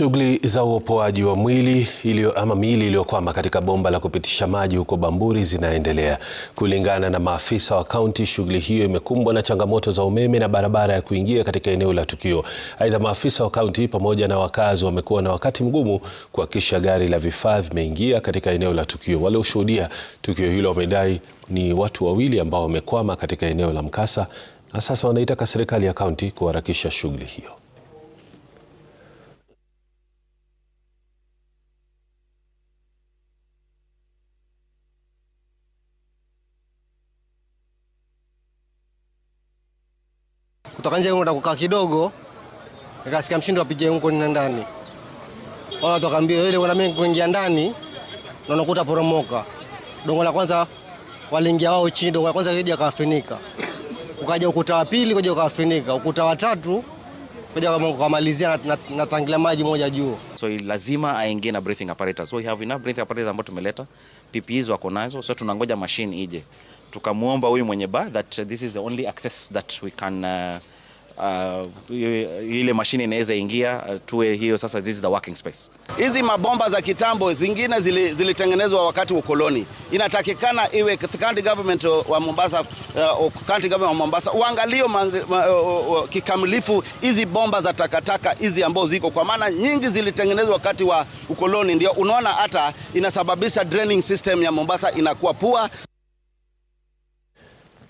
Shughuli za uopoaji wa mwili ilio, ama miili iliyokwama katika bomba la kupitisha maji huko Bamburi zinaendelea. Kulingana na maafisa wa kaunti, shughuli hiyo imekumbwa na changamoto za umeme na barabara ya kuingia katika eneo la tukio. Aidha, maafisa wa kaunti pamoja na wakazi wamekuwa na wakati mgumu kuhakikisha gari la vifaa vimeingia katika eneo la tukio. Walioshuhudia tukio hilo wamedai ni watu wawili ambao wamekwama katika eneo la mkasa, na sasa wanaitaka serikali ya kaunti kuharakisha shughuli hiyo. kutoka nje kwenda kukaa kidogo, nikasikia mshindo apige huko nina ndani, wala watu tukaambia ile kuna mimi kuingia ndani na nakuta poromoka dongo la kwanza waliingia wao chini, dongo la kwanza kija kafinika, ukaja ukuta wa pili kaja kawafinika, ukuta wa tatu kuja kumalizia na tangila maji moja juu. So lazima aingie na breathing apparatus. So we have enough breathing apparatus ambayo tumeleta, PPEs wako nazo, so tunangoja machine ije tukamwomba huyu mwenye bar that this is the only access that we can uh, uh, ile mashine inaweza ingia uh, tuwe hiyo sasa, this is the working space. Hizi mabomba za kitambo zingine zilitengenezwa zili wakati wa ukoloni inatakikana iwe county government wa Mombasa, uh, county government wa Mombasa uangalie uh, kikamilifu hizi bomba za takataka hizi ambazo ziko, kwa maana nyingi zilitengenezwa wakati wa ukoloni, ndio unaona hata inasababisha draining system ya Mombasa inakuwa pua.